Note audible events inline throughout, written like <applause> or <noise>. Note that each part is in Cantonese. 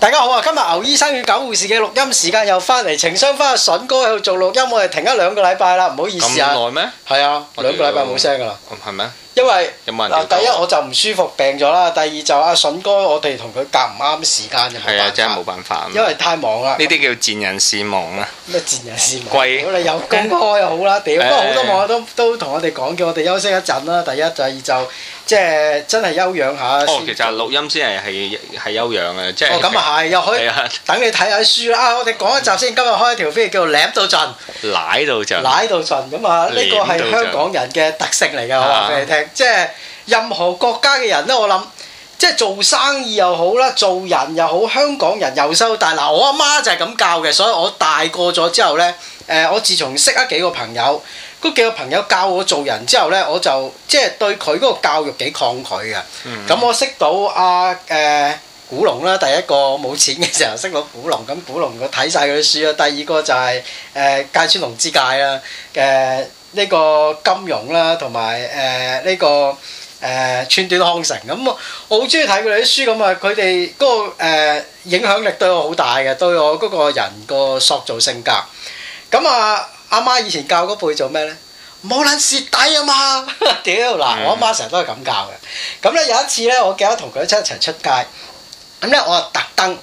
大家好啊！今日牛醫生與九護士嘅錄音時間又翻嚟，情商翻阿筍哥喺度做錄音，我哋停一兩個禮拜啦，唔好意思啊。耐咩？係啊，兩個禮拜冇聲噶啦。係咪？因為嗱，有冇人第一我就唔舒服，病咗啦，第二就阿、是、筍哥，我哋同佢夾唔啱時間就係啊，真係冇辦法。因為太忙啦。呢啲叫賤人善忘啊。咩賤人善忘？貴。我哋又公開又好啦，屌不過好多網友都都同我哋講，叫我哋休息一陣啦。第一就係、是、就是。即係真係休養下。哦，其實錄音先係係係休養啊！即係哦，咁啊係，又可以等你睇下啲書啦。是的 啊，我哋講一集先。嗯、今日開一條飛叫瀨到盡，瀨到盡，瀨到盡。咁啊，呢個係香港人嘅特色嚟㗎，我話俾你聽。的即係任何國家嘅人咧，我諗即係做生意又好啦，做人又好，香港人又收大嗱。我阿媽，媽就係咁教嘅，所以我大個咗之後咧，誒、呃，我自從我識咗幾個朋友。嗰幾個朋友教我做人之後咧，我就即係對佢嗰個教育幾抗拒嘅。咁、嗯、我識到阿、啊、誒、呃、古龍啦，第一個冇錢嘅時候識到古龍，咁古龍我睇晒佢啲書啦。第二個就係誒芥川龍之介啦，誒、呃、呢、呢個金庸啦，同埋誒呢個誒川端康成。咁我好中意睇佢哋啲書咁啊，佢哋嗰個、呃、影響力對我好大嘅，對我嗰個人個塑造性格咁啊。阿媽以前教嗰輩做咩咧？冇撚蝕底啊嘛！屌 <laughs> 嗱，我阿媽成日都係咁教嘅。咁咧有一次咧，我記得同佢一齊出街。咁咧我啊特登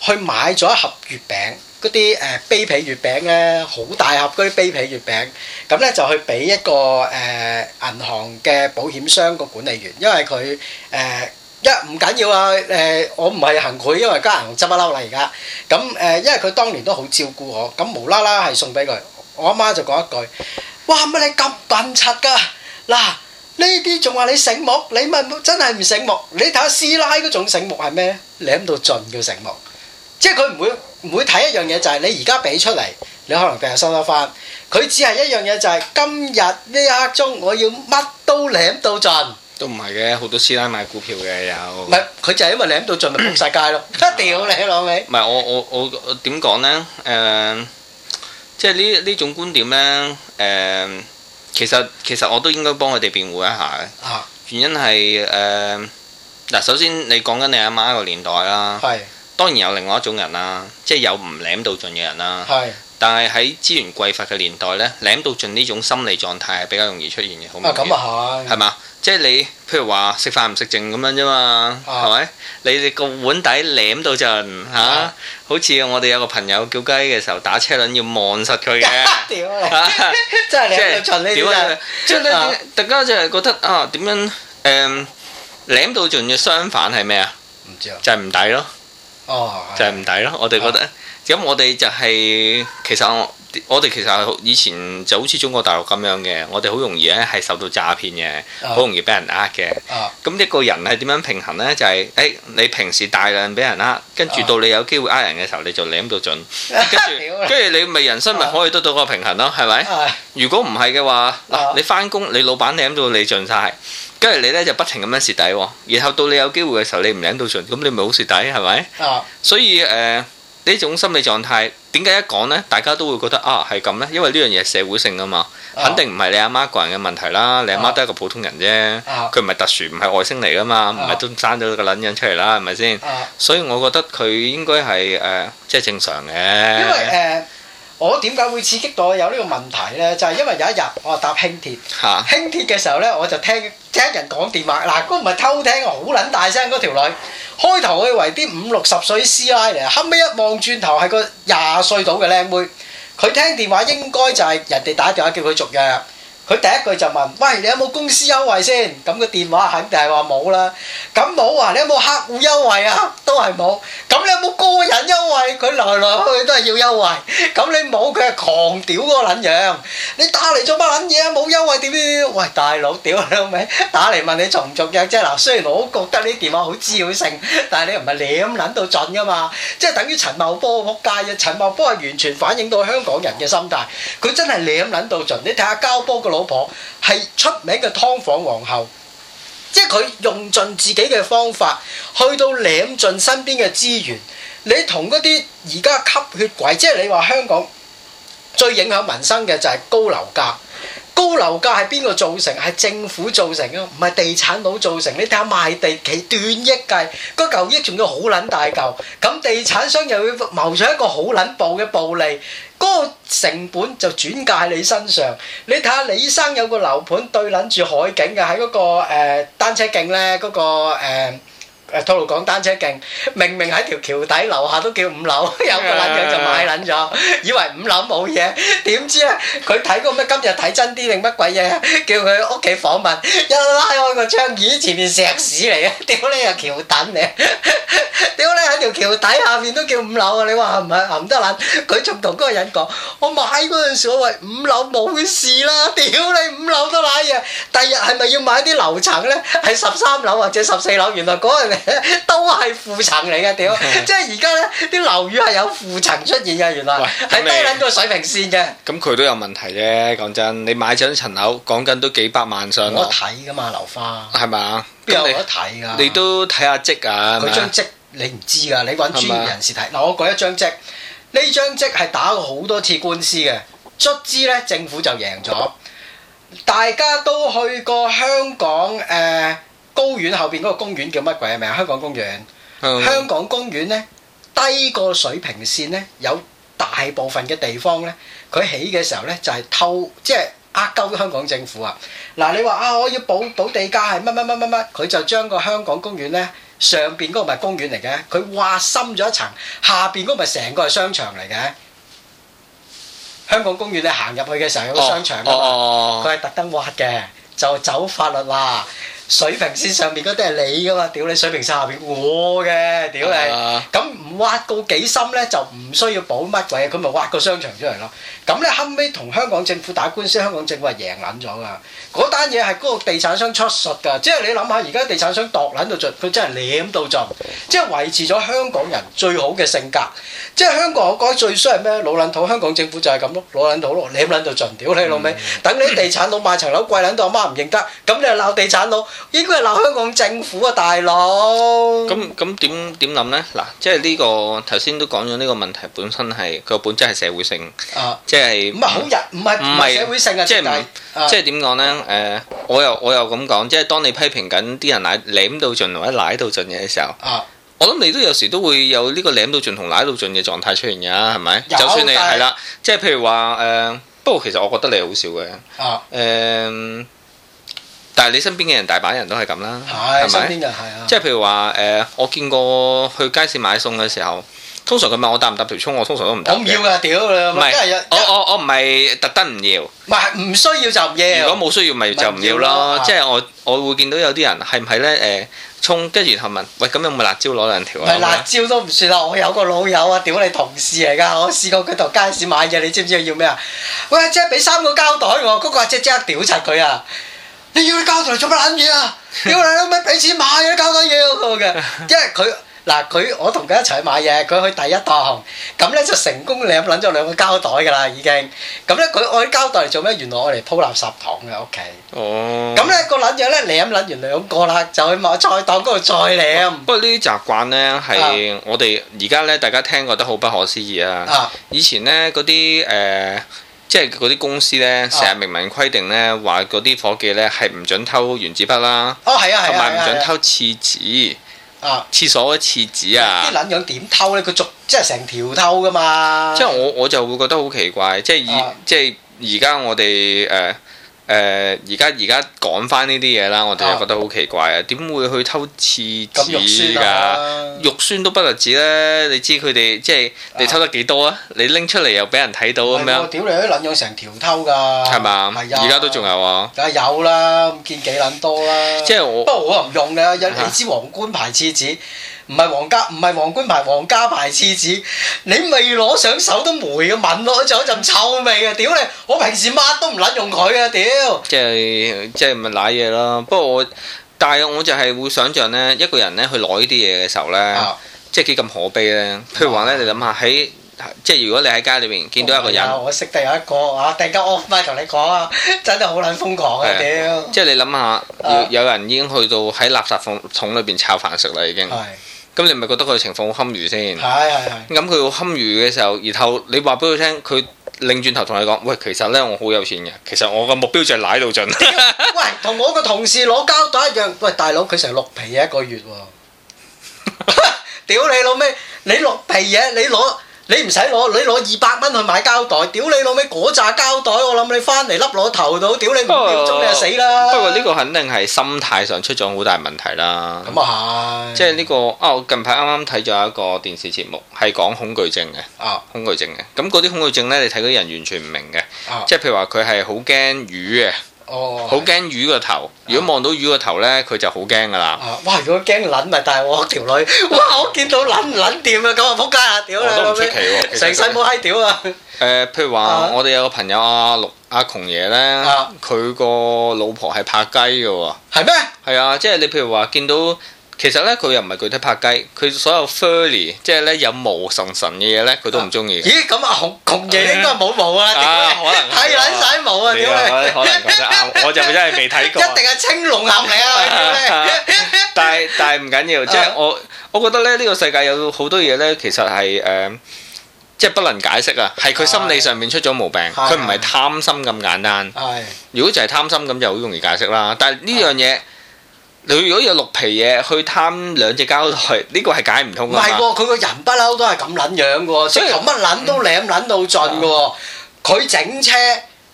去買咗一盒月餅，嗰啲誒冰皮月餅咧，好大盒嗰啲冰皮月餅。咁咧就去俾一個誒、呃、銀行嘅保險箱個管理員，因為佢誒一唔緊要啊誒，我唔係行賄，因為家銀、呃、行執笠啦而家。咁誒，因為佢、呃、當年都好照顧我，咁無啦啦係送俾佢。我阿媽就講一句：哇！乜你咁笨柒㗎？嗱，呢啲仲話你醒目，你咪真係唔醒目。你睇下師奶嗰種醒目係咩咧？瀨到盡叫醒目，即係佢唔會唔會睇一樣嘢，就係你而家俾出嚟，你可能第日收得翻。佢只係一樣嘢，就係今日呢一刻鐘我要乜都瀨到盡。都唔係嘅，好多師奶買股票嘅有。唔係佢就係因為瀨到盡咪撲晒街咯？屌你老味！唔係我我我我點講咧？誒。即係呢呢種觀點呢，誒、呃，其實其實我都應該幫佢哋辯護一下嘅。啊、原因係誒，嗱、呃，首先你講緊你阿媽個年代啦，係是當然有另外一種人啦，即係有唔舐到盡嘅人啦，係是。但係喺資源匱乏嘅年代呢，瀨到盡呢種心理狀態係比較容易出現嘅，好明顯。係嘛、啊？嗯嗯即係你，譬如話食飯唔食剩咁樣啫嘛，係咪？你哋個碗底舐到盡吓？好似我哋有個朋友叫雞嘅時候打車輪要望實佢嘅，屌！真係你個盡呢啲啊！大家就係覺得啊，點樣誒舐到仲要相反係咩啊？唔知就係唔抵咯。哦，就係唔抵咯。我哋覺得，咁我哋就係其實。我哋其實係以前就好似中國大陸咁樣嘅，我哋好容易咧係受到詐騙嘅，好、uh, 容易俾人呃嘅。咁一、uh, 個人係點樣平衡呢？就係、是、誒、哎，你平時大量俾人呃，跟住到你有機會呃人嘅時候，你就瀨到盡，跟住跟住你咪人生咪可以得到個平衡咯？係咪？Uh, 如果唔係嘅話，嗱、uh，你翻工你老闆瀨到你盡晒。跟住你呢就不停咁樣蝕底喎，然後到你有機會嘅時候你唔瀨到盡，咁你咪好蝕底，係咪？所以誒。呃呢種心理狀態點解一講呢？大家都會覺得啊係咁呢？因為呢樣嘢係社會性㗎嘛，uh huh. 肯定唔係你阿媽，媽個人嘅問題啦，你阿媽，媽、uh huh. 都係一個普通人啫，佢唔係特殊，唔係外星嚟噶嘛，唔係、uh huh. 都生咗個撚人出嚟啦，係咪先？Uh huh. 所以我覺得佢應該係誒，即、呃、係、就是、正常嘅。我點解會刺激到有呢個問題呢，就係、是、因為有一日我搭輕鐵，啊、輕鐵嘅時候呢，我就聽聽人講電話。嗱、啊，嗰個唔係偷聽，好撚大聲嗰條女。開頭我以為啲五六十歲師奶嚟，後尾一望轉頭係個廿歲到嘅靚妹。佢聽電話應該就係人哋打電話叫佢續約。佢第一句就問：喂，你有冇公司優惠先？咁個電話肯定係話冇啦。咁冇啊？你有冇客戶優惠啊？都係冇。咁你有冇個人優惠？佢來來去去都係要優惠。咁你冇，佢係狂屌嗰個撚樣。你打嚟做乜撚嘢啊？冇優惠點點點？喂，大佬屌你老味打嚟問你做唔做藥啫！嗱，雖然我覺得呢啲電話好滋擾性，但係你唔係瀨撚到盡噶嘛。即係等於陳茂波撲街啊！陳茂波係完全反映到香港人嘅心態。佢真係瀨撚到盡。你睇下膠波個老老婆係出名嘅劏房皇后，即係佢用盡自己嘅方法，去到舐盡身邊嘅資源。你同嗰啲而家吸血鬼，即係你話香港最影響民生嘅就係高樓價。高樓價係邊個造成？係政府造成啊，唔係地產佬造成。你睇下賣地企斷億計，個舊億仲要好撚大舊，咁地產商又要謀取一個好撚暴嘅暴利。嗰個成本就轉嫁喺你身上，你睇下李生有個樓盤對撚住海景嘅，喺嗰個誒、呃、單車徑咧嗰個誒。呃誒套路講單車勁，明明喺條橋底樓下都叫五樓，有個撚就買撚咗，以為五樓冇嘢，點知咧佢睇過咩今日睇真啲定乜鬼嘢？叫佢屋企訪問，一拉開個窗簾，前面石屎嚟嘅，屌你啊橋墩嚟！屌你喺條橋底下邊都叫五樓啊！你話係唔係？行唔得撚？佢仲同嗰個人講：我買嗰陣時我話五樓冇事啦，屌你五樓都瀨嘢，第日係咪要買啲樓層咧？係十三樓或者十四樓？原來嗰陣。 <laughs> 都係負層嚟嘅屌， <laughs> 即係而家咧啲樓宇係有負層出現嘅，原來係喂低撚個水平線嘅。咁佢都有問題咧，講真，你買咗一層樓，講緊都幾百萬上。我睇噶嘛樓花，係咪吧？邊有得睇㗎？你都睇下積啊！佢張積你唔知㗎，你揾專業人士睇。嗱吧，我舉一張積，呢張積係打過好多次官司嘅，卒之呢，政府就贏咗。 <laughs> 大家都去過香港誒。呃高院後邊嗰個公園叫乜鬼啊？香港公園，嗯、香港公園咧低過水平線咧有大部分嘅地方咧，佢起嘅時候咧就係、是、偷，即係呃鳩香港政府啊！嗱，你話啊，我要保保地價係乜乜乜乜乜，佢就將個香港公園咧上邊嗰個咪公園嚟嘅，佢挖深咗一層，下邊嗰個咪成個係商場嚟嘅。香港公園你行入去嘅時候有商場噶嘛？佢係特登挖嘅，就走法律啦。水平線上面嗰啲係你噶嘛？屌你！水平線下邊我嘅。挖到幾深咧就唔需要補乜鬼，佢咪挖個商場出嚟咯。咁咧後尾同香港政府打官司，香港政府係贏捻咗㗎。嗰單嘢係嗰個地產商出術㗎，即係你諗下而家地產商度捻到盡，佢真係舐到盡，即係維持咗香港人最好嘅性格。即係香港我覺得最衰係咩？老撚土香港政府就係咁咯，老撚土咯，舐撚到盡屌你老味。等你啲地產佬賣層樓貴捻到阿媽唔認得，咁你鬧地產佬應該係鬧香港政府啊，大佬。咁咁點點諗咧？嗱，即係呢個。我頭先都講咗呢個問題本身係佢個本質係社會性，啊、即係唔係好人，唔係唔係社會性嘅，即係、啊、即係點講咧？誒、啊，我又我又咁講，即係當你批評緊啲人瀨瀨到盡或者瀨到盡嘅時候，啊、我諗你都有時都會有呢個瀨到盡同瀨到盡嘅狀態出現噶，係咪？有就算你係啦是，即係譬如話誒、呃，不過其實我覺得你好少嘅，誒、嗯。嗯但係你身邊嘅人，大把人都係咁啦，係咪的？係吧即係譬如話誒、呃，我見過去街市買餸嘅時候，通常佢問我搭唔搭條葱，我通常都唔搭嘅是。我唔要啊！屌你，唔係，我我我唔係特登唔要，唔係唔需要就唔要。如果冇需要，咪就唔要咯。即係我我會見到有啲人係唔係咧誒葱，跟住然後問，喂咁有冇辣椒攞兩條啊？係是吧辣椒都唔算啦，我有個老友啊，屌你同事嚟噶，我試過佢同街市買嘢，你知唔知要咩啊？喂，阿姐俾三個膠袋喎，嗰個阿姐即刻屌柒佢啊！你要去膠袋嚟做乜撚嘢啊？屌你老味俾錢買啲膠袋嘢好嘅，因為佢嗱佢我同佢一齊去買嘢，佢去第一檔，咁咧就成功，你撚咗兩個膠袋噶啦已經。咁咧佢愛膠袋嚟做咩？原來我嚟鋪垃圾筒嘅屋企。OK、哦呢。咁、那、咧個撚嘢咧，你撚完兩個啦，就去買菜檔嗰度再撚。不過呢啲習慣咧係我哋而家咧，大家聽覺得好不可思議啊。以前咧嗰啲誒。即係嗰啲公司咧，成日明文規定咧，話嗰啲伙計咧係唔准偷原子筆啦，哦，係啊，係啊，同埋唔准偷廁紙，廁所嘅廁紙啊！啲撚樣點偷咧？佢逐即係成條偷噶嘛！即係我我就會覺得好奇怪，即係而、啊、即係而家我哋誒。呃誒而家而家講翻呢啲嘢啦，我哋又覺得好奇怪啊！點、哎、呀會去偷廁紙㗎？肉酸、啊、都不單止啦，你知佢哋即係你偷得幾多啊？你拎出嚟又俾人睇到咁樣。屌你都捻用成條偷㗎，係嘛吧？而家都仲有啊！梗係有啦，見幾撚多啦？即係我不過我唔用㗎，你知皇冠牌廁紙。啊唔係皇家，唔係皇冠牌，皇家牌廁紙，你未攞上手都霉嘅，聞落就一陣臭味啊！屌你，我平時乜都唔撚用佢嘅，屌！即係即係咪瀨嘢咯？不過我但係我就係會想像呢，一個人呢去攞呢啲嘢嘅時候呢，即係幾咁可悲呢。譬如話呢，你諗下喺即係如果你喺街裏面見到一個人，我識得有一個啊，突然間 off 同你講啊，真係好撚瘋狂嘅屌！即係你諗下，有人已經去到喺垃圾桶桶裏邊炒飯食啦，已經。咁你咪覺得佢情況好堪虞先？係係係。咁佢好堪虞嘅時候，然後你話俾佢聽，佢擰轉頭同你講：喂，其實呢，我好有錢嘅，其實我個目標就係瀨到盡。 <laughs> 喂，同我個同事攞膠袋一樣。喂，大佬佢成日落皮嘢一個月喎，哦。屌 <laughs> <laughs> 你老味，啊，你落皮嘢，你攞。你唔使攞，你攞二百蚊去買膠袋，屌你老味嗰扎膠袋，我諗你翻嚟笠落頭度，屌你唔掉針你就死啦！不過呢個肯定係心態上出咗好大問題啦。咁啊係，即係呢個啊，我近排啱啱睇咗一個電視節目，係講恐懼症嘅啊，恐懼症嘅。咁嗰啲恐懼症呢，你睇嗰啲人完全唔明嘅，即係譬如話佢係好驚魚嘅。好驚、oh, yes. 魚個頭，如果望到魚個頭咧，佢、uh. 就好驚噶啦。哇、uh.，如果驚捻咪，但係我條女，哇，我見到捻唔捻掂啊，咁啊仆街啊，屌、oh, 都唔出奇，成世冇閪屌啊！誒、呃，譬如話、uh. 我哋有個朋友阿陸阿窮爺咧，佢、啊、個老婆係拍雞嘅喎。係咩、uh. 嗎？係啊，即係你譬如話見到。其實咧，佢又唔係具體拍雞，佢所有 furry 即係咧有毛神神嘅嘢咧，佢都唔中意。咦？咁啊，紅嘢應該冇毛啊？點解？睇甩晒毛啊！屌你！我就真係未睇過。一定係青龍岩嚟啊！但係但係唔緊要，即係我我覺得咧，呢個世界有好多嘢咧，其實係誒，即係不能解釋啊，係佢心理上面出咗毛病，佢唔係貪心咁簡單。如果就係貪心咁就好容易解釋啦，但係呢樣嘢。你如果有六皮嘢去貪兩隻膠袋，呢個係解唔通噶唔係喎，佢個人不嬲都係咁捻樣噶，即係乜捻都瀨捻到盡噶佢整、嗯、車，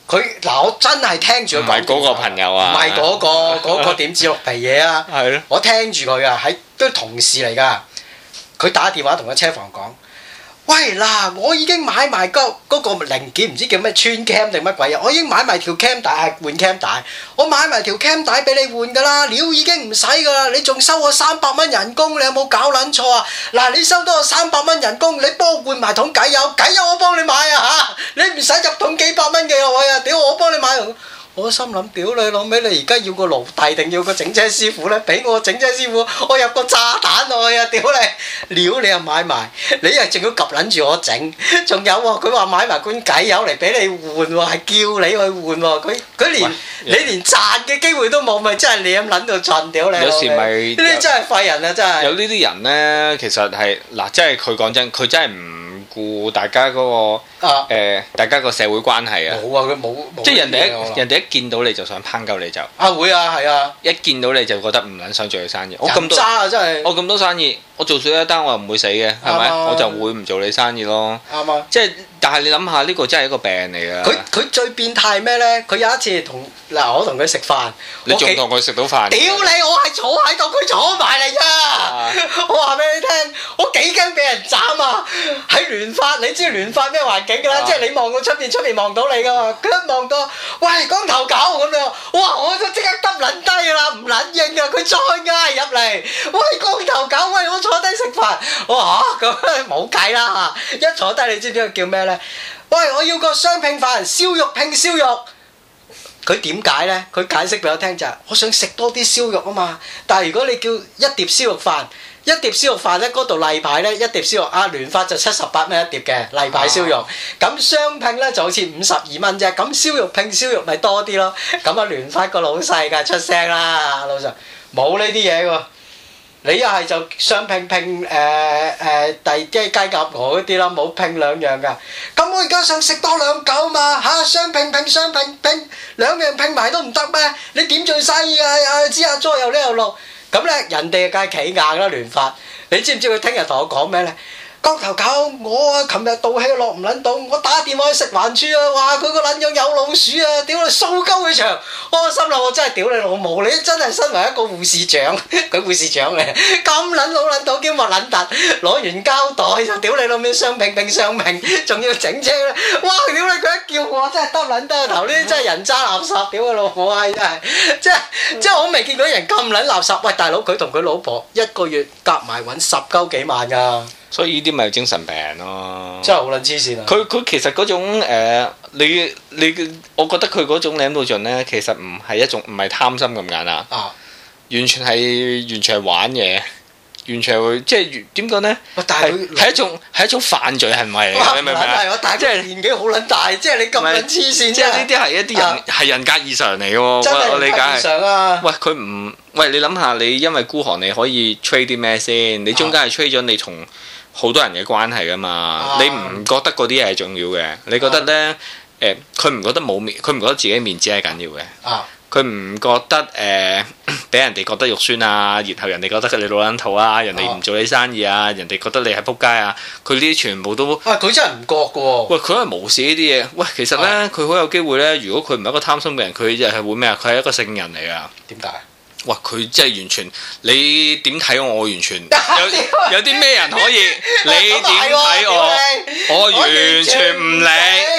佢嗱我真係聽住佢。唔係嗰個朋友啊，唔係嗰個嗰個點知六皮嘢啊。係咯、嗰個，啊、 <laughs> 是的 我聽住佢啊，係都同事嚟噶。佢打電話同個車房講。喂嗱，我已經買埋嗰嗰個零件，唔知叫咩穿 cam 定乜鬼啊！我已經買埋條 cam 帶換、啊、cam 帶，我買埋條 cam 帶俾你換㗎啦，料已經唔使㗎啦，你仲收我三百蚊人工，你有冇搞撚錯啊？嗱，你收多我三百蚊人工，你幫我換埋桶解油，解油我幫你買啊嚇！你唔使入桶幾百蚊嘅，我咪啊？屌我幫你買、啊。我心諗，屌你，老味，你而家要個奴隸定要個整車師傅呢？俾我整車師傅，我入個炸彈落去啊！屌你，料你又買埋，你又仲好及撚住我整？仲有喎、哦，佢話買埋罐偈油嚟俾你換喎，係叫你去換喎。佢佢連喂你連賺嘅機會都冇，咪喂真係你咁撚到盡屌你！有時咪呢啲真係廢人啊！真係有呢啲人呢，其實係嗱，真係佢講真，佢真係唔～大家嗰、那個、啊呃、大家個社會關係啊，冇啊，佢冇，即係人哋一，能人哋一見到你就想抨鳩你就，啊會啊，係啊，一見到你就覺得唔撚想做你生意，渣啊，我咁多啊真係，我咁多生意，我做少一單我又唔會死嘅，係咪？我就會唔做你生意咯，啱啊，即、啊、係。就是但係你諗下呢個真係一個病嚟噶！佢佢最變態咩呢？佢有一次同，嗱，我同佢食飯，你仲同佢食到飯？屌你！我係坐喺度，佢坐埋嚟咋。我話俾你聽，我幾驚俾人斬啊！喺聯發，你知聯發咩環境噶啦？即係你望到出邊，出邊望到你噶嘛？佢一望到，喂光頭狗咁樣，哇！我就即刻耷捻低啦，唔捻應啊！佢再挨入嚟，喂光頭狗，喂我坐低食飯，哇！咁冇計啦！一坐低，你知唔知佢叫咩呢？喂，我要個雙拼飯，燒肉拼燒肉。佢點解呢？佢解釋俾我聽就係，我想食多啲燒肉啊嘛。但係如果你叫一碟燒肉飯，一碟燒肉飯呢，嗰度例牌呢一碟燒肉，阿聯發就七十八蚊一碟嘅例牌燒肉。咁雙拼呢就好似五十二蚊啫。咁燒肉拼燒肉咪多啲咯。咁啊，聯發個老細噶出聲啦，老實冇呢啲嘢喎。你一係就雙拼拼誒誒第啲雞鴨鵝嗰啲啦，冇拼兩樣噶。咁、嗯、我而家想食多兩嚿啊嘛嚇，雙拼拼雙拼拼兩樣拼埋都唔得咩？你點做生意啊、哎？啊，知阿 joy 呢度落咁咧，人哋梗係企硬啦聯發，你知唔知佢聽日同我講咩咧？光頭狗，我啊，琴日倒氣落唔捻到，我打電話去食環處啊，話佢個捻樣有老鼠啊，屌你掃鳩佢場，我心諗，我真係屌你老母，你真係身為一個護士長，佢護士長嘅咁捻老捻到兼埋捻突，攞完膠袋就屌你老味，雙平平上平，仲要整車，哇，屌你，佢一叫我真係耷捻耷頭，呢啲真係人渣垃圾，屌你老母啊，真係，即係即係我未見過一人咁捻垃圾，喂大佬，佢同佢老婆一個月夾埋搵十鳩幾萬噶。所以呢啲咪有精神病咯？真係好撚黐線啊！佢佢、啊、其實嗰種、呃、你你，我覺得佢嗰種攬到盡咧，其實唔係一種唔係貪心咁簡單啊完！完全係完全係玩嘢，完全會即係點講咧？但係係一種係一種犯罪行為嚟係咪？啊、你明唔明？但係真係年紀好撚大，即係是你咁撚黐線，即係呢啲係一啲人係、啊、人格異常嚟嘅喎。真係異常啦！喂，佢唔喂你諗下，你因為孤寒你可以吹啲咩先？你中間係吹咗你從。啊啊好多人嘅關係㗎嘛，啊、你唔覺得嗰啲嘢係重要嘅？你覺得呢？佢唔、啊呃、覺得冇面，佢唔覺得自己面子係緊要嘅。佢唔、啊、覺得誒，俾、呃、人哋覺得肉酸啊，然後人哋覺得你老撚肚啊，人哋唔做你生意啊，人哋覺得你係撲街啊，佢呢啲全部都。啊哦、喂，佢真係唔覺㗎喎。喂，佢都係無視呢啲嘢。喂，其實呢，佢好、啊、有機會呢。如果佢唔係一個貪心嘅人，佢就係會咩啊？佢係一個聖人嚟啊？點解？哇！佢真係完全，你點睇我？完全 <laughs> 有有啲咩人可以？你點睇我？ <laughs> 啊、我完全唔理，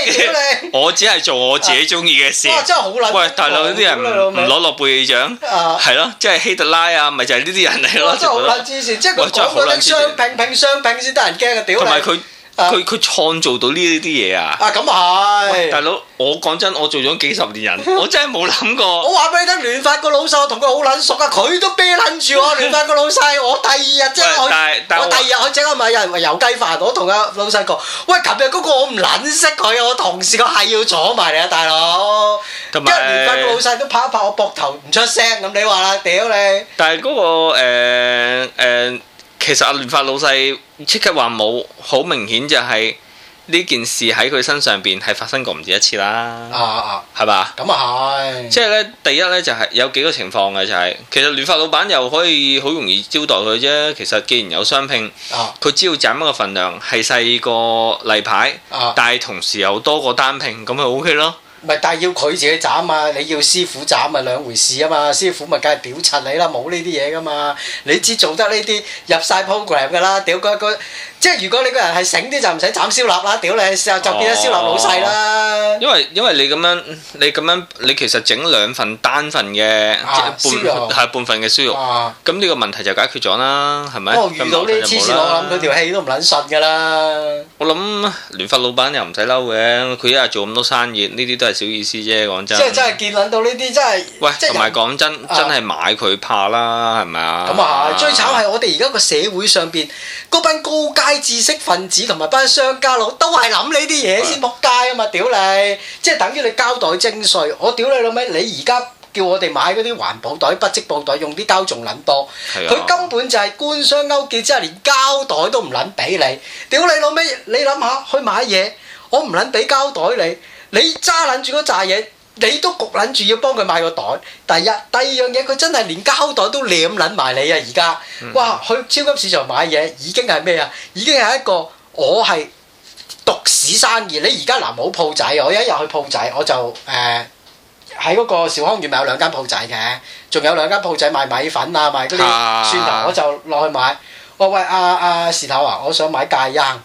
我，理 <laughs> <laughs> 我只係做我自己中意嘅事。真係好撚，喂！大陸啲人唔攞諾貝爾獎，係咯？即係希特拉啊，咪、啊、就係呢啲人嚟咯。真係好撚黐線，即是拼相拼相拼先得人驚嘅屌你！佢佢、啊、創造到呢啲嘢啊！啊咁啊係！喂，大佬，我講真，我做咗幾十年人， <laughs> 我真係冇諗過。我話俾你聽，聯發個老細同佢好撚熟啊，佢都啤撚住我。聯 <laughs> 發個老細，我第二日即係我第二日，我即刻買入油雞飯。我同阿老細講：喂，琴日嗰個我唔撚識佢，啊。」我同事個係要坐埋你啊，大佬！同埋聯發個老細都拍一拍我膊頭，唔出聲咁。你話啦，屌你！但係嗰、那個誒、呃呃呃呃其實阿聯發老細即刻話冇，好明顯就係呢件事喺佢身上邊係發生過唔止一次啦、啊。啊啊，係嘛吧？咁啊係。即係呢第一呢，就係有幾個情況嘅，就係、是、其實聯發老闆又可以好容易招待佢啫。其實既然有雙拼，佢只要斬一個份量係細過例牌，啊、但係同時又多個單拼，咁咪 OK 咯。唔係，但係要佢自己斬啊！你要師傅斬啊，兩回事啊嘛！師傅咪梗係屌柒你啦，冇呢啲嘢㗎嘛！你知做得呢啲入晒 program 㗎啦，屌嗰個即係如果你個人係醒啲就唔使斬燒臘啦，屌你又就，就變咗燒臘老細啦、哦。因為因為你咁樣你咁樣你其實整兩份單份嘅燒、啊、半肉半份嘅燒肉，咁呢、啊、個問題就解決咗啦，係咪？不過遇到呢黐線佬，我諗佢條氣都唔撚順㗎啦。我諗聯發老闆又唔使嬲嘅，佢一日做咁多生意，呢啲都～真係小意思啫，講真。即係真係見捻到呢啲，真係喂，即係同埋講真，真係買佢怕啦，係咪啊？咁啊，最慘係我哋而家個社會上邊嗰班高階知識分子同埋班商家佬都係諗呢啲嘢先仆街啊嘛。屌你，即係等於你膠袋徵稅，我屌你老味，你而家叫我哋買嗰啲環保袋、不織布袋，用啲膠仲捻多，佢根本就係官商勾結之下，連膠袋都唔捻俾你，屌你老味，你諗下去買嘢，我唔捻俾膠袋你。你揸撚住嗰扎嘢，你都焗撚住要幫佢買個袋。第一、第二樣嘢，佢真係連膠袋都舐撚埋你啊！而家哇，去超級市場買嘢已經係咩啊？已經係一個我係獨市生意。你而家嗱冇鋪仔，我一日去鋪仔，我就誒喺嗰個兆康苑咪有兩間鋪仔嘅，仲有兩間鋪仔賣米粉啊，賣嗰啲蒜頭，啊、我就落去買。喂喂阿阿事頭啊，我想買芥蔥，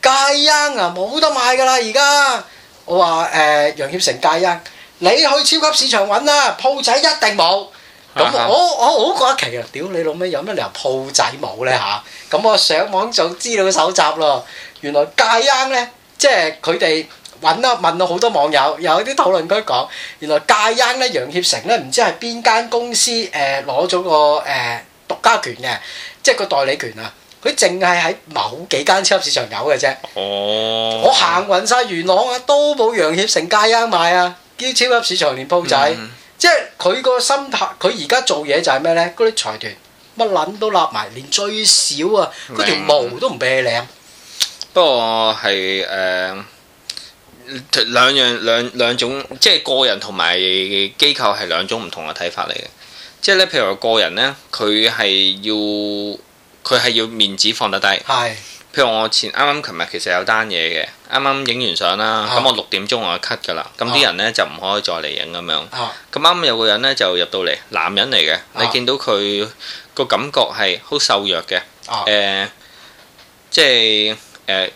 芥蔥啊冇得買噶啦，而家。我話誒、呃、楊協成戒煙，你去超級市場揾啦，鋪仔一定冇。咁我 <laughs> 我好過一期啊！屌你老味，有咩理由鋪仔冇呢？嚇、啊？咁我上網做資料搜集咯。原來戒煙呢，即係佢哋揾啦，問到好多網友，又有一啲討論區講，原來戒煙呢，楊協成呢，唔知係邊間公司誒攞咗個誒、呃、獨家權嘅，即係個代理權啊！佢淨係喺某幾間超級市場有嘅啫。我行運晒元朗啊，都冇楊協成街啊賣啊。啲超級市場連鋪仔，mm hmm. 即係佢個心態。佢而家做嘢就係咩咧？嗰啲財團乜撚都立埋，連最少啊，嗰白條毛都唔俾你領。不過係誒、呃、兩樣兩兩種，即係個人同埋機構係兩種唔同嘅睇法嚟嘅。即係咧，譬如話個人咧，佢係要。佢係要面子放得低，係的。譬如我前啱啱琴日其實有單嘢嘅，啱啱影完相啦，咁、啊、我六點鐘我就 cut 㗎啦。咁啲、啊、人咧就唔可以再嚟影咁樣。咁啱、啊、有個人咧就入到嚟，男人嚟嘅，啊、你見到佢個感覺係好瘦弱嘅。誒、啊呃，即係誒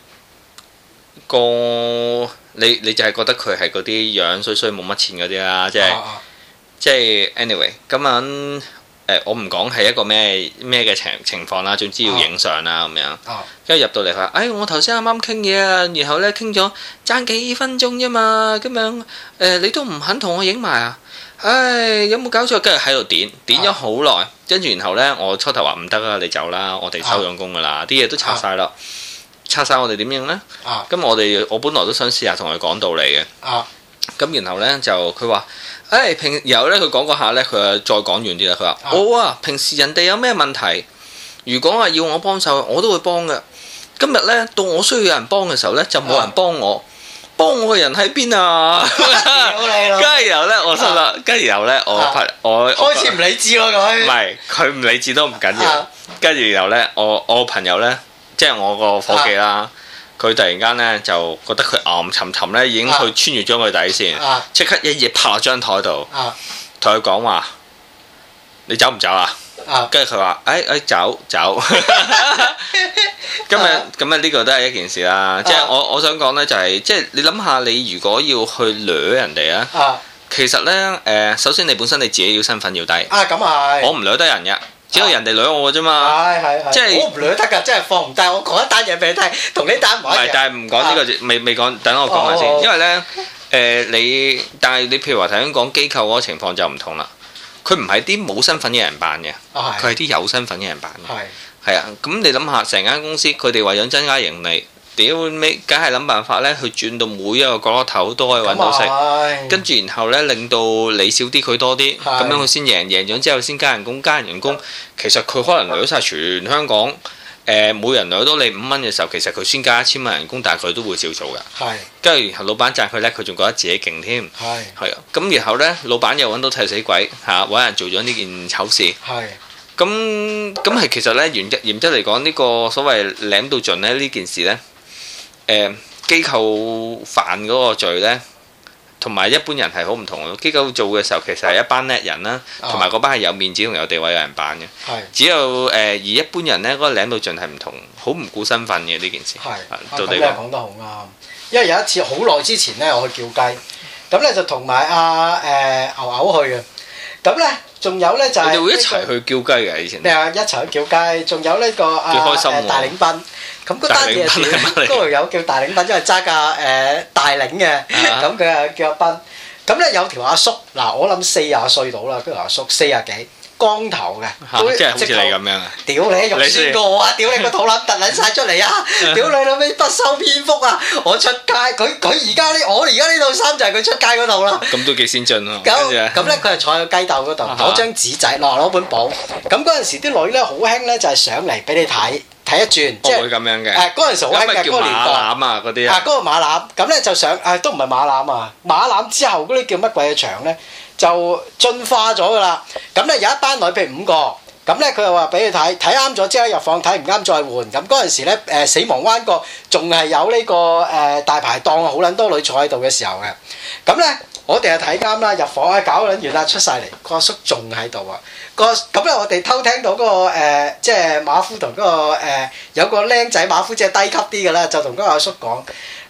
個你你就係覺得佢係嗰啲樣衰衰冇乜錢嗰啲啦，即係、啊、即係 anyway，今晚。我唔講係一個咩咩嘅情情況啦，總之要影相啦咁樣。哦，因為入到嚟話，誒，我頭先啱啱傾嘢啊，然後咧傾咗差幾分鐘啫嘛，咁樣誒、呃，你都唔肯同我影埋啊？唉，有冇搞錯？跟住喺度點點咗好耐，跟住然後咧，我初頭話唔得啦，你走啦，我哋收咗工噶啦，啲嘢、啊、都拆晒咯，啊、拆晒我哋點影咧？咁、啊、我哋我本來都想試下同佢講道理嘅。啊咁然後咧就佢話，誒、哎、平然後咧佢講嗰下咧佢啊，再講完啲啦，佢話，好啊，平時人哋有咩問題，如果話要我幫手，我都會幫㗎。今日咧到我需要有人幫嘅時候咧就冇人幫我，幫我嘅人喺邊啊？屌你！跟住然後咧，我信啦。跟住然後咧，我朋我開始唔理智咯，佢唔係佢唔理智都唔緊要。跟住然後咧，我我朋友咧，即係我個夥計啦。啊佢突然間咧就覺得佢暗沉沉咧已經去穿越咗佢底線，即、啊啊、刻一夜拍落張台度，同佢講話：啊、你走唔走啊？跟住佢話：誒誒走走。走 <laughs> 今日天咁啊，呢個都係一件事啦。即係我我想講咧、就是，就係即係你諗下，你如果要去掠人哋咧，啊、其實咧誒、呃，首先你本身你自己要身份要低。啊，咁係。我唔掠得人嘅。只有人哋掠我啫嘛，即係是我唔掠得噶，真係放唔低。我講一單嘢俾你睇，同呢單唔係。但係唔講呢個，的未未講。等我講下先，哦、因為咧，誒、呃、你，但係你譬如話頭先講機構嗰個情況就唔同啦。佢唔係啲冇身份嘅人辦嘅，佢係啲有身份嘅人辦嘅。係係啊，咁、哦、的你諗下，成間公司佢哋為咗增加盈利。屌尾，梗係諗辦法咧，去轉到每一個角落頭都可以揾到食。跟住然後咧，令到你少啲，佢多啲，咁是樣佢先贏贏咗之後，先加人工，加人工。其實佢可能攞晒全香港，誒、呃，每人攞多你五蚊嘅時候，其實佢先加一千蚊人工，但係佢都會少做㗎。係跟住然後老闆贊，老闆贊佢咧，佢仲覺得自己勁添。係係啊，咁是然後咧，老闆又揾到替死鬼嚇，揾人做咗呢件醜事。係咁咁係其實咧，原則嚴則嚟講，呢、這個所謂瀨到盡咧呢件事咧。誒，機構犯嗰個罪咧，同埋一般人係好唔同嘅。機構做嘅時候其實係一班叻人啦，同埋嗰班係有面子同有地位有人扮嘅。係，只有誒而一般人咧嗰個瀨到盡係唔同，好唔顧身份嘅呢件事。係，到你講得好啱。因為有一次好耐之前咧，我去叫雞，咁咧就同埋阿誒牛牛去嘅。咁咧仲有咧就係你哋會一齊去叫雞嘅以前。咩啊？一齊去叫雞，仲有呢個誒大領班。咁嗰單嘢咧，嗰度有叫大領賓，因為揸架誒大領嘅，咁佢又叫賓。咁咧有條阿叔，嗱，我諗四廿歲到啦，嗰條阿叔四廿幾，光頭嘅，uh huh. 即係好似你咁樣你啊！屌 <laughs> 你，肉酸過我啊！屌、uh huh. 你個肚腩凸撚曬出嚟啊！屌你老味，不修邊幅啊！我出街，佢佢而家呢，我而家呢套衫就係佢出街嗰套啦。咁都幾先進咯。咁咁咧，佢係坐喺雞竇嗰度攞張紙仔，攞攞本簿。咁嗰陣時啲女咧好興咧，就係上嚟俾你睇。睇一轉，即係嗰陣時好興嘅嗰個年代啊！嗰啲啊，嗰、嗰個馬籃咁咧就上，啊、哎、都唔係馬籃啊，馬籃之後嗰啲叫乜鬼嘅場咧，就進化咗㗎啦。咁咧有一班女兵五個。咁咧佢又話俾你睇，睇啱咗之後入房睇，唔啱再換。咁嗰陣時咧，誒死亡灣個仲係有呢個誒大排檔，好撚多女坐喺度嘅時候嘅。咁咧我哋係睇啱啦，入房咧搞撚完啦，出曬嚟，個阿叔仲喺度啊。個咁咧我哋偷聽到嗰個誒，即係馬夫同嗰個誒有個靚仔馬夫，即係低級啲嘅啦，就同嗰個阿叔講。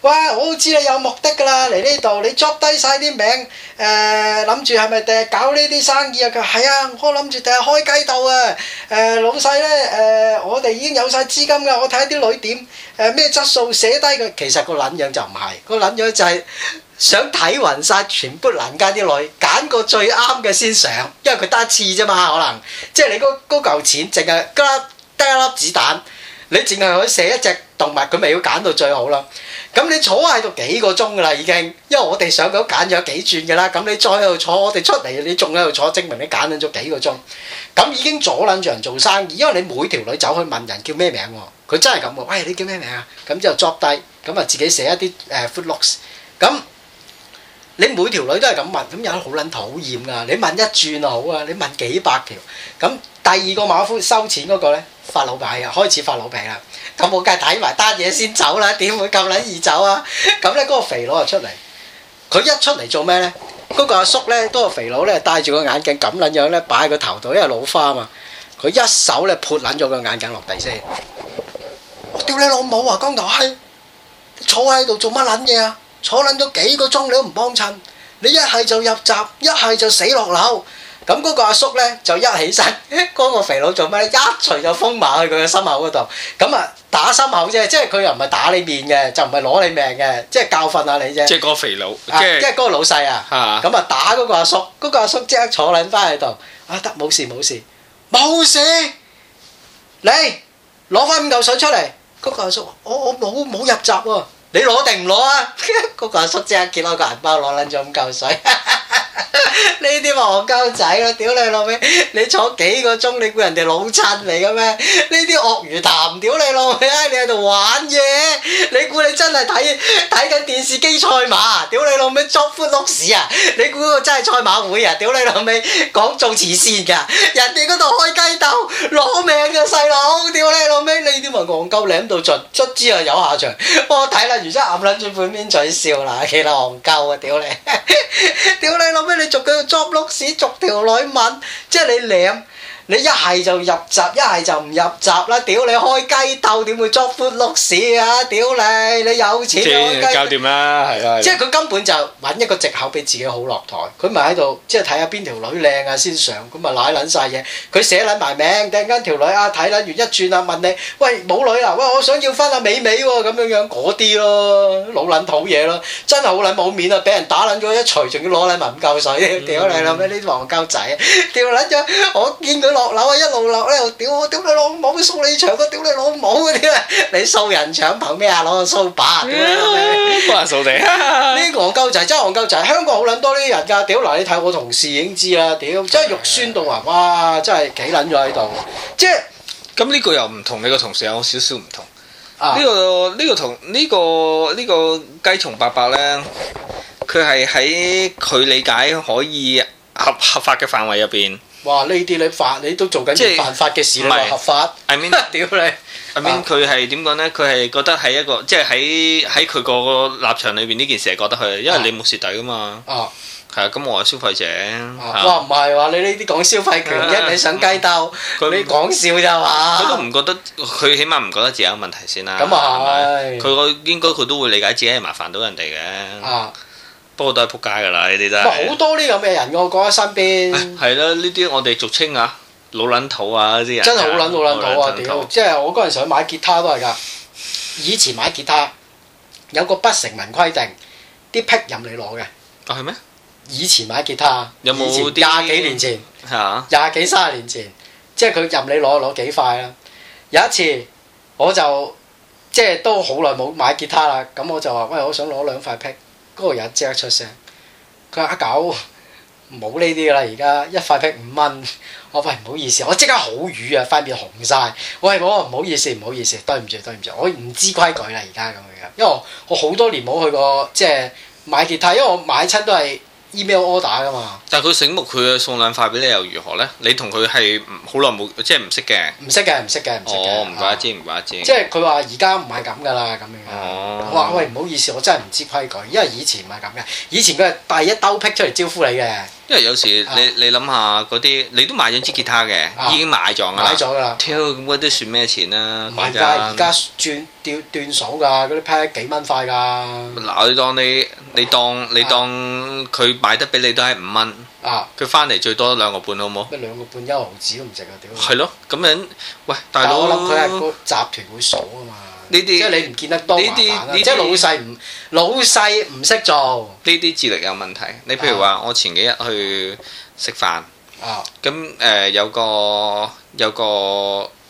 哇！我知你有目的㗎啦，嚟呢度你捉低晒啲名，誒諗住係咪定係搞呢啲生意、哎、呀打打啊？佢係啊，我諗住定係開雞竇啊！誒老細咧，誒我哋已經有晒資金㗎，我睇、呃、下啲女點誒咩質素寫低佢？其實個撚樣就唔係，個撚樣就係想睇勻晒全砵蘭街啲女，揀個最啱嘅先上，因為佢得一次啫嘛，可能即係你嗰嗰嚿錢淨係得一粒子彈。你淨係可以寫一隻動物，佢咪要揀到最好囉。咁你坐喺度幾個鐘噶啦已經，因為我哋上個都揀咗幾轉噶啦。咁你再喺度坐，我哋出嚟，你仲喺度坐，證明你揀緊咗幾個鐘。咁已經阻撚住人做生意，因為你每條女走去問人叫咩名喎，佢真係咁喎。喂，你叫咩名啊？咁之後作低，咁啊自己寫一啲誒 food logs。咁你每條女都係咁問，咁有啲好撚討厭噶。你問一轉就好啊，你問幾百條。咁第二個馬夫收錢嗰個咧？發老脾啊，開始發老脾啦！咁我梗係睇埋單嘢先走啦，點會咁捻易走啊？咁咧嗰個肥佬就出嚟，佢一出嚟做咩咧？嗰、那個阿叔咧，嗰、那個肥佬咧戴住個眼鏡咁捻樣咧，擺喺個頭度，因為老花啊嘛。佢一手咧潑捻咗個眼鏡落地先。我屌你老母啊，光頭嗨，坐喺度做乜捻嘢啊？坐捻咗幾個鐘你都唔幫襯，你一係就入閘，一係就死落樓。咁嗰個阿叔呢就一起身，嗰個肥佬做咩呢？一錘就封埋去佢嘅心口嗰度，咁啊打心口啫，即係佢又唔係打你面嘅，就唔係攞你命嘅，即係教訓下你啫。即係嗰個肥佬，即係嗰個老細啊，咁啊打嗰個阿叔，嗰個阿叔即刻坐撚翻喺度啊，得，冇事冇事冇事，你攞翻五嚿水出嚟，嗰個阿叔，我我冇冇入閘喎。你攞定唔攞啊？嗰個阿叔即刻揭開個銀包，攞撚咗五嚿水。呢啲戇鳩仔咯，屌你老味！你坐幾個鐘，你估人哋老襯嚟嘅咩？呢啲鱷魚潭，屌你老味啊！你喺度玩嘢，你估你真係睇睇緊電視機賽馬啊？屌你老味捉歡樂士啊！你估我真係賽馬會啊？屌你老味講做慈善㗎，人哋嗰度開雞竇攞命嘅細佬，屌你老味！你啲戇鳩瀨到盡，卒之又有下場。我睇啦～而家揞住半邊嘴笑嗱，其實戇鳩啊！屌你， <laughs> 屌你，諗起你逐佢捉碌屎，逐條女問，即係你舐。你一係就入閘，一係就唔入閘啦！屌你開雞竇，點會捉闊碌屎啊！屌你，你有錢？即係搞掂啦，係啦，即係佢根本就揾一個藉口俾自己好落台，佢咪喺度即係睇下邊條女靚啊先上，咁咪奶撚晒嘢。佢寫撚埋名，突然間條女啊睇撚完一轉啊問你：喂冇女啦、啊？喂我想要翻阿美美喎、啊、咁樣樣嗰啲咯，老撚土嘢咯，真係好撚冇面啊！俾人打撚咗一錘，仲要攞禮物唔夠水，屌你！你啲黃膠仔、啊，屌撚咗！我見到，我見到落樓啊！一路落，一路屌我，屌你老母，掃你場嗰，屌你老母啲你掃人場，憑咩啊？攞個掃把啊？屌你！幫人掃地。呢個憨鳩仔真係憨鳩仔，香港好撚多呢啲人㗎。屌嗱，你睇我同事已經知啦。屌，真係肉酸到呀，哇！真係企撚咗喺度。即係咁呢個又唔同你個同事有少少唔同。呢個呢個同呢個呢個雞蟲伯伯咧，佢係喺佢理解可以合合法嘅範圍入邊。哇！呢啲你犯你都做緊即係犯法嘅事，你話合法？I mean，屌你！I mean 佢係點講咧？佢係覺得喺一個即係喺喺佢個立場裏邊呢件事係覺得佢，因為你冇蝕底噶嘛。哦，係啊，咁我係消費者。哇！唔係話你呢啲講消費權益，你想雞鬥？佢講笑咋嘛？佢都唔覺得，佢起碼唔覺得自己有問題先啦。咁啊，佢個應該佢都會理解自己係麻煩到人哋嘅。不過都係仆街噶啦，呢啲都。唔係好多呢咁嘅人，我講喺身邊。係咯，呢啲我哋俗稱啊老撚土啊啲人。真係好撚好撚土啊！屌、啊，樣即係我嗰陣時想買吉他都係㗎。以前買吉他有個不成文規定，啲癖任你攞嘅。啊，係咩？以前買吉他。有冇廿幾年前？嚇、啊！廿幾三十年前，即係佢任你攞攞幾塊啦、啊。有一次，我就即係都好耐冇買吉他啦。咁我就話：喂，我想攞兩塊癖。」嗰個人即刻出聲，佢話，阿狗冇呢啲㗎啦，而家一塊劈五蚊。我，喂唔好意思，我即刻好瘀啊，塊面紅晒。喂，我唔好意思，唔好意思，對唔住對唔住，我唔知規矩啦，而家咁樣，因為我好多年冇去過即係買吉他，因為我買親都係。email order 噶嘛？但係佢醒目，佢送兩塊俾你又如何咧？你同佢係好耐冇，即係唔識嘅。唔識嘅，唔識嘅，唔識嘅。我唔怪之，唔怪之。即係佢話而家唔係咁噶啦，咁樣。我話喂，唔好意思，我真係唔知規矩，因為以前唔係咁嘅。以前佢係第一兜劈出嚟招呼你嘅。因為有時你你諗下嗰啲，你都買咗支吉他嘅，啊、已經買咗啦。買咗噶啦，屌咁嗰啲算咩錢啊？唔計，而家陣轉掉斷數噶，嗰啲派幾蚊塊噶。嗱，你當你、啊、你當你當佢買得俾你都係五蚊。啊！佢翻嚟最多兩個半，好唔好？咩兩個半一毫紙都唔值啊！屌。係咯，咁樣喂，大佬。但係我諗佢係個集團會數啊嘛。呢啲即係你唔見得多麻煩啊！呢啲即係老細唔，呢啲老細唔識做，呢啲智力有問題。你譬如話，我前幾日去食飯咁，誒有個有個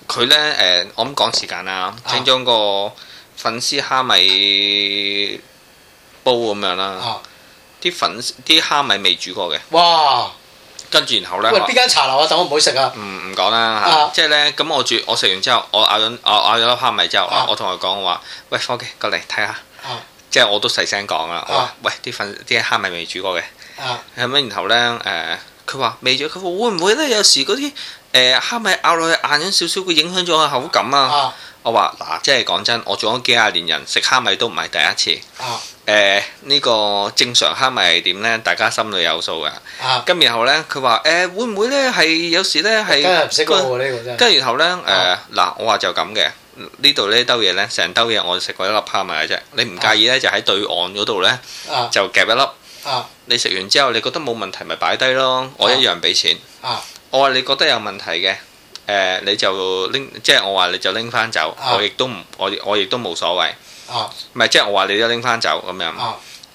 佢呢，誒、呃，我唔講時間啦，整咗個粉絲蝦米煲咁樣啦，啲、啊啊、粉啲蝦米未煮過嘅。哇跟住然後咧，喂，呢間說茶樓啊？等我唔好食啊！唔唔講啦嚇，即係咧咁我住我食完之後，我咬咗我咬緊粒蝦米之後，我同佢講我話，喂 f r 過嚟睇下，即係我都細聲講啊，喂，啲粉啲蝦米未煮過嘅，係咪？然後咧誒，佢話未煮，佢話會唔會咧？有時嗰啲誒蝦米咬落去硬咗少少，會影響咗個口感啊！啊啊我話嗱，即係講真，我做咗幾廿年人，食蝦米都唔係第一次。啊，誒呢個正常蝦米係點呢？大家心裏有數嘅。咁然後呢，佢話誒會唔會呢？係有時咧係，跟住呢個跟然後呢，誒嗱，我話就咁嘅，呢度呢兜嘢呢，成兜嘢我食過一粒蝦米嘅啫。你唔介意呢？就喺對岸嗰度呢，就夾一粒。你食完之後你覺得冇問題咪擺低咯，我一樣俾錢。我話你覺得有問題嘅。誒、呃、你就拎，即係我話你就拎翻走，啊、我亦都唔，我我亦都冇所謂。哦、啊，唔係即係我話你都拎翻走咁樣。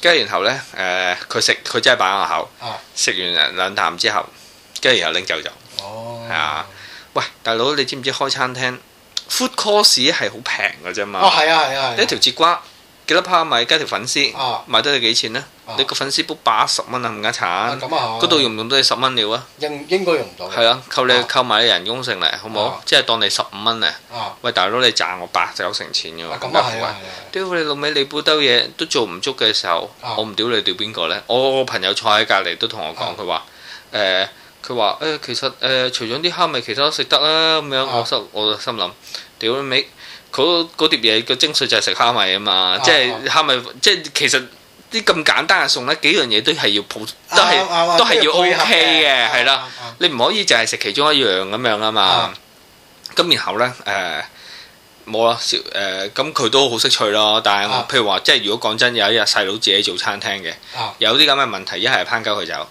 跟住、啊、然後咧，誒佢食佢真係擺我口。食、啊、完兩啖之後，跟住然後拎走咗。哦，係啊，喂，大佬你知唔知開餐廳 food cost 係好平㗎啫嘛？哦，係啊，係啊，一條節瓜。幾多蝦米加條粉絲，賣得你幾錢呢？你個粉絲煲八十蚊啊，更加慘。嗰度用唔用到你十蚊料啊？應應該用唔到。係啊，扣你扣埋你人工成嚟，好唔好？即係當你十五蚊啊！喂大佬，你賺我八九成錢嘅喎，點得苦啊？屌你老味，你煲兜嘢都做唔足嘅時候，我唔屌你屌邊個呢？我我朋友坐喺隔離都同我講，佢話，誒，佢話誒，其實誒，除咗啲蝦米，其他都食得啦。咁樣，我心我就心諗，屌你嗰碟嘢嘅精髓就係食蝦米啊嘛，即係蝦米，即係其實啲咁簡單嘅餸咧，幾樣嘢都係要抱，都係都係要 O K 嘅，係啦，你唔可以淨係食其中一樣咁樣啊嘛。咁然後咧，誒冇啦，誒咁佢都好識趣咯。但係譬如話，即係如果講真有一日細佬自己做餐廳嘅，有啲咁嘅問題，一係攀鳩佢走，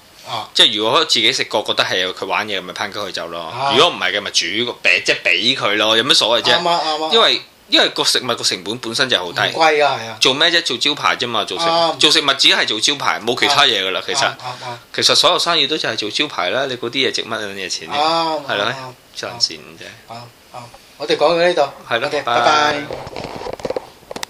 即係如果自己食過覺得係佢玩嘢，咪攀鳩佢走咯。如果唔係嘅，咪煮個，即係俾佢咯，有咩所謂啫？因為。因為個食物個成本本身就好低，貴啊係啊！做咩啫？做招牌啫嘛，做食物，啊、做食物只係做招牌，冇其他嘢噶啦。其實，啊啊啊、其實所有生意都就係做招牌啦。你嗰啲嘢值乜嘢錢？係咯，啊，賺錢啫。哦哦、啊啊，我哋講到呢度，係咯的，okay, 拜拜。拜拜。